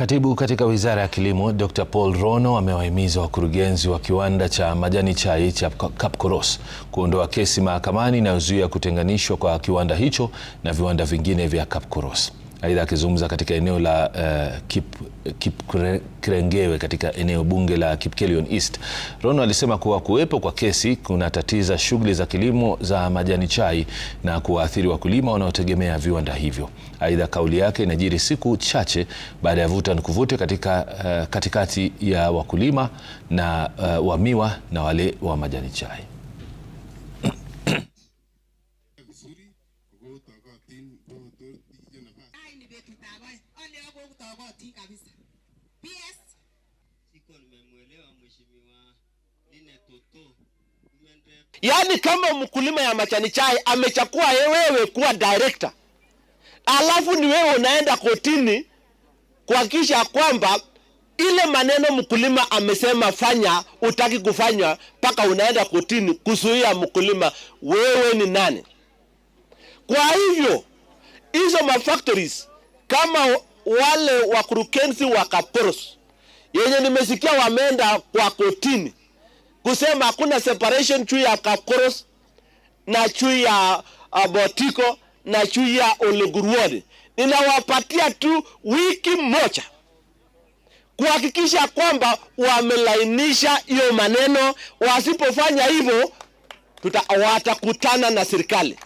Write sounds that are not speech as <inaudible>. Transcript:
Katibu katika Wizara ya Kilimo, Dr. Paul Rono amewahimiza wakurugenzi wa kiwanda cha majani chai cha Kapkoros kuondoa kesi mahakamani inayozuia kutenganishwa kwa kiwanda hicho na viwanda vingine vya Kapkoros. Aidha, akizungumza katika eneo la uh, Kip, Kip Kirengewe katika eneo bunge la Kipkelion East, Rono alisema kuwa kuwepo kwa kesi kunatatiza shughuli za kilimo za majani chai na kuwaathiri wakulima wanaotegemea viwanda hivyo. Aidha, kauli yake inajiri siku chache baada ya vuta kuvute katika uh, katikati ya wakulima na uh, wa miwa na wale wa majani chai <coughs> <coughs> hawapoti kabisa. PS siko mheshimiwa Line Toto Yaani, kama mkulima ya machani chai amechakua wewe kuwa director, alafu ni wewe unaenda kotini kuhakikisha kwamba ile maneno mkulima amesema fanya utaki kufanywa, mpaka unaenda kotini kuzuia mkulima. Wewe ni nani? Kwa hivyo hizo mafactories kama wale wakurugenzi wa Kaperos yenye nimesikia wameenda kwa kotini kusema hakuna separation juu ya Kaperos na juu ya uh, Botiko na juu ya Oleguruoni. Ninawapatia tu wiki moja kuhakikisha kwamba wamelainisha hiyo maneno. Wasipofanya hivyo, watakutana na serikali.